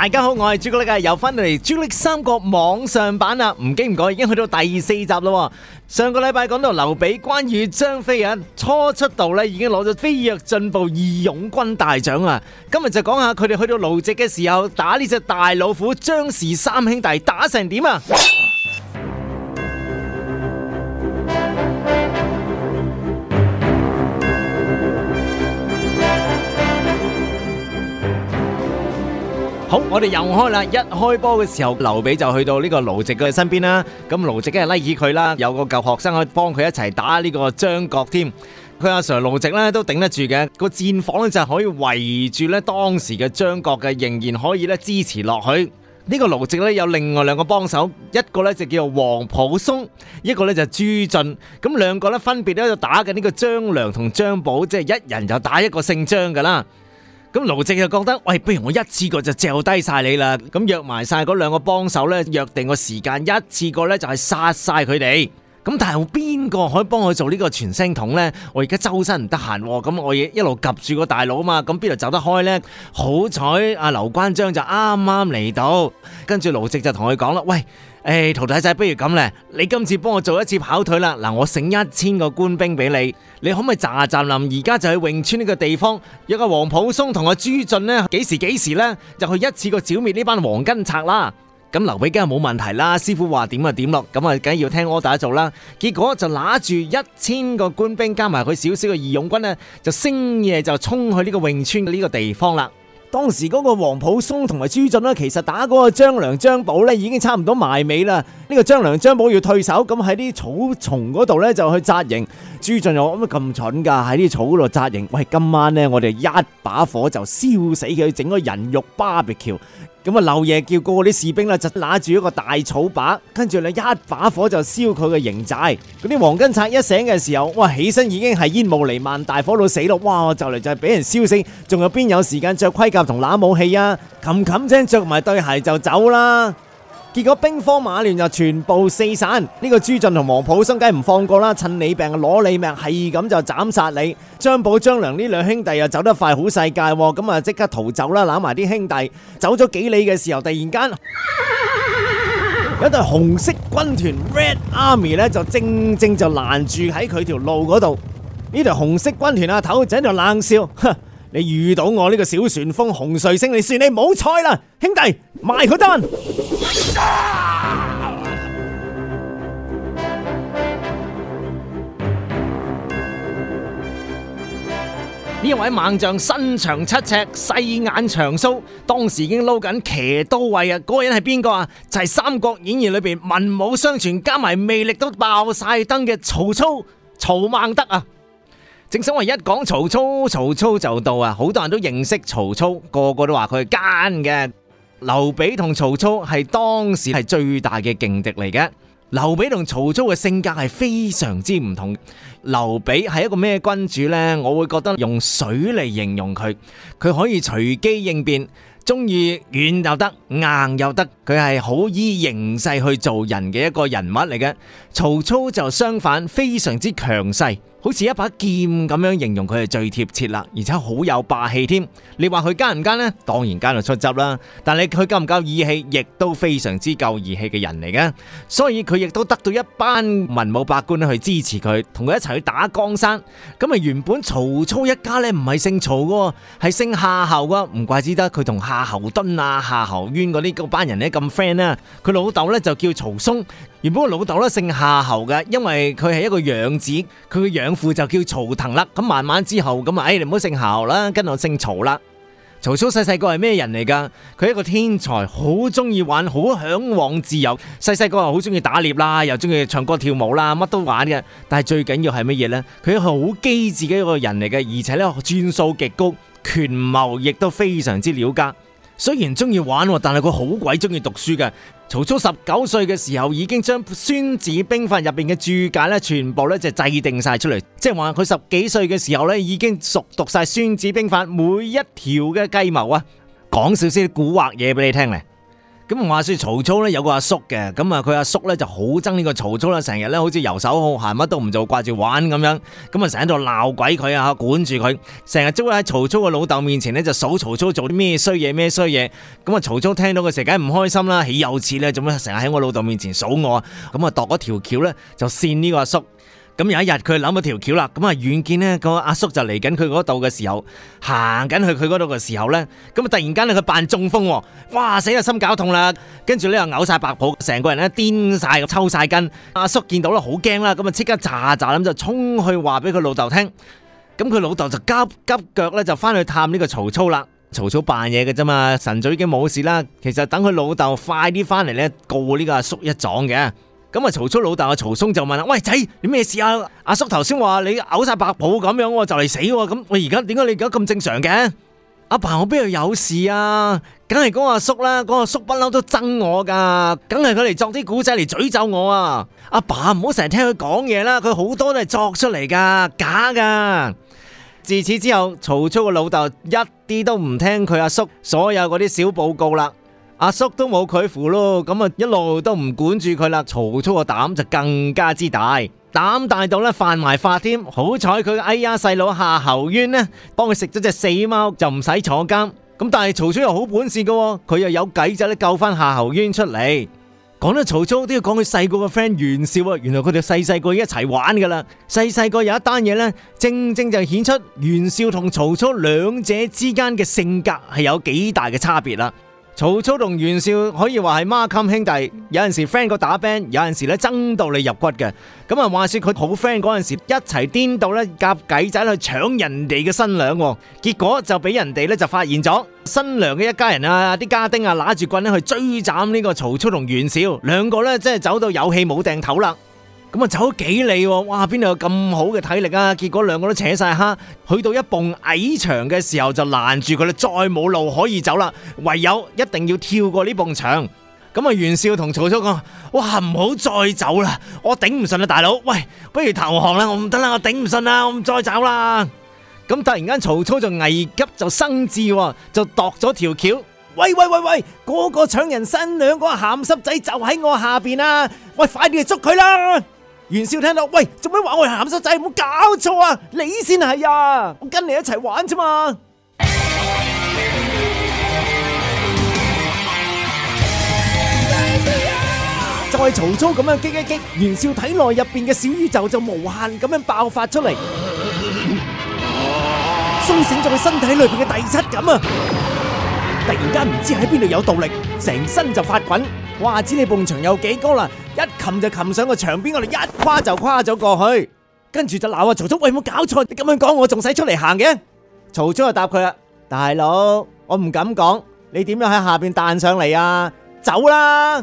大家好，我係朱古力啊，又翻到嚟朱古力三國網上版啦。唔經唔覺，已經去到第四集啦。上個禮拜講到劉備、關羽、張飛啊，初出道咧已經攞咗飛躍進步義勇軍大獎啊。今日就講下佢哋去到盧植嘅時候，打呢隻大老虎張氏三兄弟打成點啊！好，我哋又開啦！一開波嘅時候，劉備就去到呢個盧植嘅身邊啦。咁盧植梗係拉起佢啦，有個舊學生去幫佢一齊打呢個張角添。佢阿 Sir 盧植咧都頂得住嘅，個戰房咧就可以圍住咧當時嘅張角嘅，仍然可以咧支持落去。呢個盧植咧有另外兩個幫手，一個咧就叫做皇甫嵩，一個咧就朱儁。咁兩個咧分別咧就打緊呢個張良同張寶，即係一人就打一個姓張噶啦。咁盧植就覺得，喂，不如我一次過就掉低晒你啦！咁約埋晒嗰兩個幫手呢，約定個時間，一次過呢，就係殺晒佢哋。咁但係邊個可以幫我做呢個傳聲筒呢？我而家周身唔得閒，咁我一路及住個大佬啊嘛，咁邊度走得開呢？好彩阿劉關張就啱啱嚟到，盧直，跟住盧植就同佢講啦，喂。誒、哎，徒弟仔，不如咁咧，你今次幫我做一次跑腿啦。嗱，我剩一千個官兵俾你，你可唔可以扎扎林？而家就喺潁川呢個地方，約阿皇甫嵩同阿朱儁呢，幾時幾時呢，就去一次過剿滅呢班黃巾賊啦。咁劉備梗係冇問題啦。師傅話點就點咯，咁啊梗係要聽柯打做啦。結果就拿住一千個官兵加埋佢少少嘅義勇軍呢，就星夜就衝去呢個潁川嘅呢個地方啦。當時嗰個皇甫嵩同埋朱俊呢，其實打嗰個張梁張寶呢已經差唔多埋尾啦。呢個張梁張寶要退守，咁喺啲草叢嗰度呢就去紮營。朱俊又乜咁蠢㗎？喺啲草度紮營，喂，今晚呢，我哋一把火就燒死佢，整個人肉 barbecue。咁啊！劉爺叫過啲士兵啦，就拿住一個大草把，跟住咧一把火就燒佢嘅營寨。嗰啲黃巾賊一醒嘅時候，哇！起身已經係煙霧彌漫、大火到死咯！哇！我就嚟就係俾人燒死，仲有邊有時間着盔甲同拿武器啊？冚冚聲着埋對鞋就走啦！結果兵荒馬亂，就全部四散，呢、這個朱俊同黃普生梗係唔放過啦，趁你病攞你命，係咁就斬殺你。張寶張良呢兩兄弟又走得快好世界，咁啊即刻逃走啦，攬埋啲兄弟走咗幾里嘅時候，突然間有一隊紅色軍團 Red Army 咧就正正就攔住喺佢條路嗰度。呢隊紅色軍團阿頭仔就冷笑：哈，你遇到我呢個小旋風洪瑞星，你算你冇彩啦，兄弟賣佢單！呢位猛將身長七尺，細眼長鬚，當時已經撈緊騎刀位啊！嗰個人係邊個啊？就係、是、三國演義裏邊文武雙全，加埋魅力都爆晒燈嘅曹操曹孟德啊！正所謂一講曹操，曹操就到啊！好多人都認識曹操，個個都話佢係奸嘅。劉備同曹操係當時係最大嘅勁敵嚟嘅。劉備同曹操嘅性格係非常之唔同。劉備係一個咩君主呢？我會覺得用水嚟形容佢，佢可以隨機應變，中意，軟又得，硬又得。佢係好依形勢去做人嘅一個人物嚟嘅。曹操就相反，非常之強勢。好似一把劍咁樣形容佢係最貼切啦，而且好有霸氣添。你話佢奸唔奸呢？當然奸就出汁啦。但係佢夠唔夠義氣，亦都非常之夠義氣嘅人嚟嘅。所以佢亦都得到一班文武百官去支持佢，同佢一齊去打江山。咁啊，原本曹操一家呢唔係姓曹嘅，係姓夏侯嘅。唔怪之得佢同夏侯惇啊、夏侯淵嗰啲班人呢咁 friend 啦。佢老豆呢就叫曹嵩。原本我老豆咧姓夏侯嘅，因為佢係一個養子，佢嘅養父就叫曹騰啦。咁慢慢之後咁啊，哎，你唔好姓夏侯啦，跟我姓曹啦。曹操細細個係咩人嚟噶？佢一個天才，好中意玩，好向往自由。細細個又好中意打獵啦，又中意唱歌跳舞啦，乜都玩嘅。但係最緊要係乜嘢呢？佢好機智嘅一個人嚟嘅，而且咧轉數極高，權謀亦都非常之了得。雖然中意玩，但係佢好鬼中意讀書嘅。曹操十九歲嘅時候，已經將《孫子兵法》入邊嘅注解全部制定晒出嚟，即係話佢十幾歲嘅時候已經熟讀晒《孫子兵法》每一條嘅計謀啊！講少少古惑嘢，俾你聽咧。咁我話說曹操咧，有個阿叔嘅。咁啊佢阿叔咧就好憎呢個曹操啦，成日咧好似遊手好閑，乜都唔做，掛住玩咁樣，咁啊成日喺度鬧鬼佢啊，管住佢，成日捉佢喺曹操個老豆面前咧就數曹操做啲咩衰嘢咩衰嘢，咁啊曹操聽到佢成日唔開心啦，豈有此呢？做咩成日喺我老豆面前數我？咁啊度咗條橋咧就扇呢個阿叔。咁有一日佢諗到條橋啦，咁啊遠見呢個阿叔就嚟緊佢嗰度嘅時候，行緊去佢嗰度嘅時候呢，咁啊突然間咧佢扮中風，哇，死啦，心絞痛啦，跟住呢，又嘔晒白泡，成個人咧癲晒，抽晒筋，阿叔見到啦好驚啦，咁啊即刻咋咋咁就衝去話俾佢老豆聽，咁佢老豆就急急腳咧就翻去探呢個曹操啦，曹操扮嘢嘅啫嘛，神早已經冇事啦，其實等佢老豆快啲翻嚟呢，告呢個阿叔，叔一狀嘅。咁啊！曹操老豆阿曹嵩就問啦：喂，仔，你咩事啊？阿叔頭先話你嘔晒白泡咁樣，就嚟死喎！咁我而家點解你而家咁正常嘅？阿爸，我邊度有事啊？梗係講阿叔啦，講阿叔不嬲都憎我噶，梗係佢嚟作啲古仔嚟詛咒我啊！阿爸唔好成日聽佢講嘢啦，佢好多都係作出嚟噶，假噶。自此之後，曹操個老豆一啲都唔聽佢阿叔所有嗰啲小報告啦。阿叔都冇佢扶咯，咁啊，一路都唔管住佢啦。曹操個膽就更加之大，膽大到咧犯埋法添。好彩佢嘅哎呀細佬夏侯淵呢，幫佢食咗隻死貓就唔使坐監。咁但係曹操又好本事噶，佢又有計仔咧救翻夏侯淵出嚟。講到曹操都要講佢細個個 friend 袁紹啊，原來佢哋細細個一齊玩噶啦。細細個有一單嘢呢，正正就顯出袁紹同曹操兩者之間嘅性格係有幾大嘅差別啦。曹操同袁紹可以話係孖襟兄弟，有陣時 friend 過打 Band，有陣時咧憎到你入骨嘅。咁啊，話說佢好 friend 嗰陣時，一齊癲到咧夾計仔去搶人哋嘅新娘，結果就俾人哋咧就發現咗新娘嘅一家人啊，啲家丁啊攞住棍咧去追斬呢個曹操同袁紹兩個咧，真係走到有氣冇掟頭啦。咁啊，走咗幾里，哇！邊度有咁好嘅體力啊？結果兩個都扯晒蝦，去到一埲矮牆嘅時候就攔住佢啦，再冇路可以走啦，唯有一定要跳過呢埲牆。咁啊，袁紹同曹操講：哇，唔好再走啦，我頂唔順啦，大佬，喂，不如投降啦，我唔得啦，我頂唔順啦，我唔再走啦。咁突然間，曹操就危急就生智，就度咗條橋。喂喂喂喂，嗰個搶人新娘嗰個鹹濕仔就喺我下邊啊！我快啲嚟捉佢啦！袁紹聽到，喂，做咩話我係咸濕仔？冇搞錯啊！你先係啊！我跟你一齊玩啫嘛！就係曹操咁樣激一激，袁紹體內入邊嘅小宇宙就無限咁樣爆發出嚟，蘇醒咗佢身體裏邊嘅第七感啊！突然間唔知喺邊度有動力，成身就發滾，話知你埲牆有幾高啦！一擒就擒上個牆邊，我哋一跨就跨咗過去，跟住就鬧啊曹操，喂，冇搞錯，你咁樣講，我仲使出嚟行嘅？曹操就答佢啦，大佬，我唔敢講，你點樣喺下邊彈上嚟啊？走啦！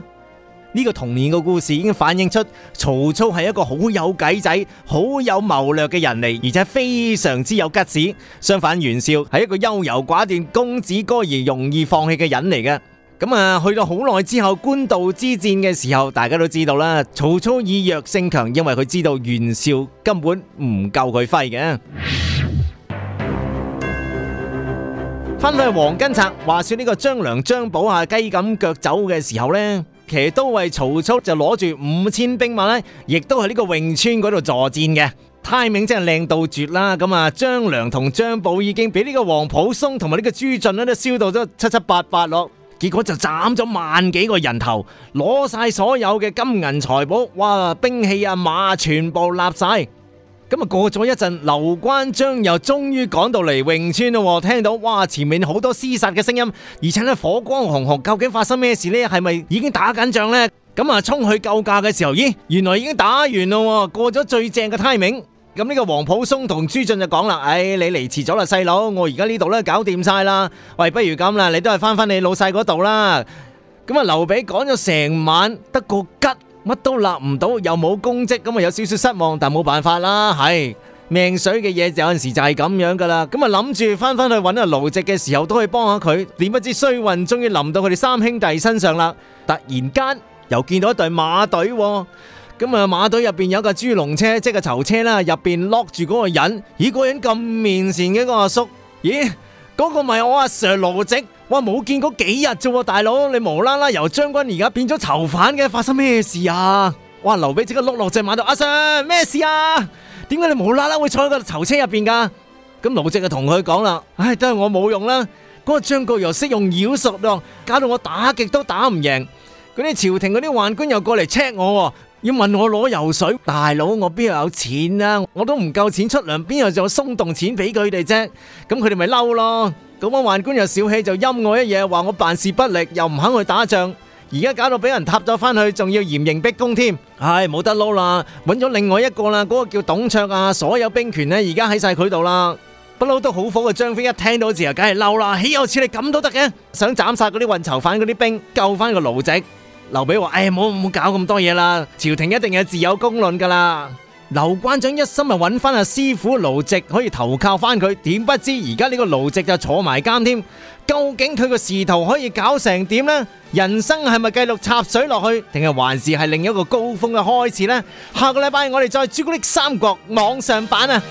呢個童年嘅故事已經反映出曹操係一個好有計仔、好有謀略嘅人嚟，而且非常之有急智。相反，袁紹係一個優柔寡斷、公子哥兒容易放棄嘅人嚟嘅。咁啊，去到好耐之後，官道之戰嘅時候，大家都知道啦。曹操以弱勝強，因為佢知道袁紹根本唔夠佢揮嘅。分去黃巾策，話說呢個張良張寶下雞咁腳走嘅時候呢，其實都為曹操就攞住五千兵馬呢，亦都係呢個永川嗰度助戰嘅。timing 真係靚到絕啦！咁啊，張良同張寶已經俾呢個黃甫松同埋呢個朱俊咧都燒到咗七七八八咯。結果就斬咗萬幾個人頭，攞晒所有嘅金銀財寶，哇！兵器啊馬全部立晒，咁啊過咗一陣，劉關張又終於趕到嚟潁川咯，聽到哇，前面好多廝殺嘅聲音，而且呢火光紅紅，究竟發生咩事呢？係咪已經打緊仗呢？咁啊衝去救駕嘅時候，咦，原來已經打完咯，過咗最正嘅 timing。咁呢個皇甫嵩同朱俊就講啦，哎，你嚟遲咗啦，細佬，我而家呢度咧搞掂晒啦，喂，不如咁啦，你都係翻翻你老細嗰度啦。咁啊，劉備講咗成晚，得個吉，乜都立唔到，又冇功績，咁啊有少少失望，但係冇辦法啦，係命水嘅嘢，有陣時就係咁樣噶啦。咁啊諗住翻翻去搵啊盧植嘅時候，都可以幫下佢。點不知衰運終於臨到佢哋三兄弟身上啦！突然間又見到一隊馬隊。咁啊，馬隊入邊有架豬籠車，即係個囚車啦，入邊 lock 住嗰個人。咦，嗰人咁面善嘅個阿叔，咦，嗰個咪我阿 Sir 盧植？哇，冇見過幾日咋，大佬你無啦啦由將軍而家變咗囚犯嘅，發生咩事啊？哇，劉備即刻碌落隻馬到阿 Sir，咩事啊？點解你無啦啦會坐喺個囚車入邊噶？咁盧植就同佢講啦，唉，都係我冇用啦，嗰個張角又識用妖術咯，搞到我打極都打唔贏，嗰啲朝廷嗰啲宦官又過嚟 check 我。要問我攞油水，大佬我邊度有錢啊？我都唔夠錢出糧，邊度仲有鬆動錢俾佢哋啫？咁佢哋咪嬲咯？咁啊宦官又小氣，就陰我一嘢，話我辦事不力，又唔肯去打仗，而家搞到俾人撻咗翻去，仲要嚴刑逼供添。唉，冇得撈啦，揾咗另外一個啦，嗰個叫董卓啊，所有兵權咧，而家喺曬佢度啦。不嬲都好火嘅張飛一聽到字啊，梗係嬲啦！豈有此理，你咁都得嘅？想斬殺嗰啲運囚犯嗰啲兵，救翻個盧植。劉備話，誒，唔好唔好搞咁多嘢啦，朝廷一定係自有公論噶啦。劉關張一心係搵翻阿師傅盧植，可以投靠翻佢，點不知而家呢個盧植就坐埋監添，究竟佢個仕途可以搞成點呢？人生係咪繼續插水落去，定係還是係另一個高峰嘅開始呢？下個禮拜我哋再朱古力三國網上版啊！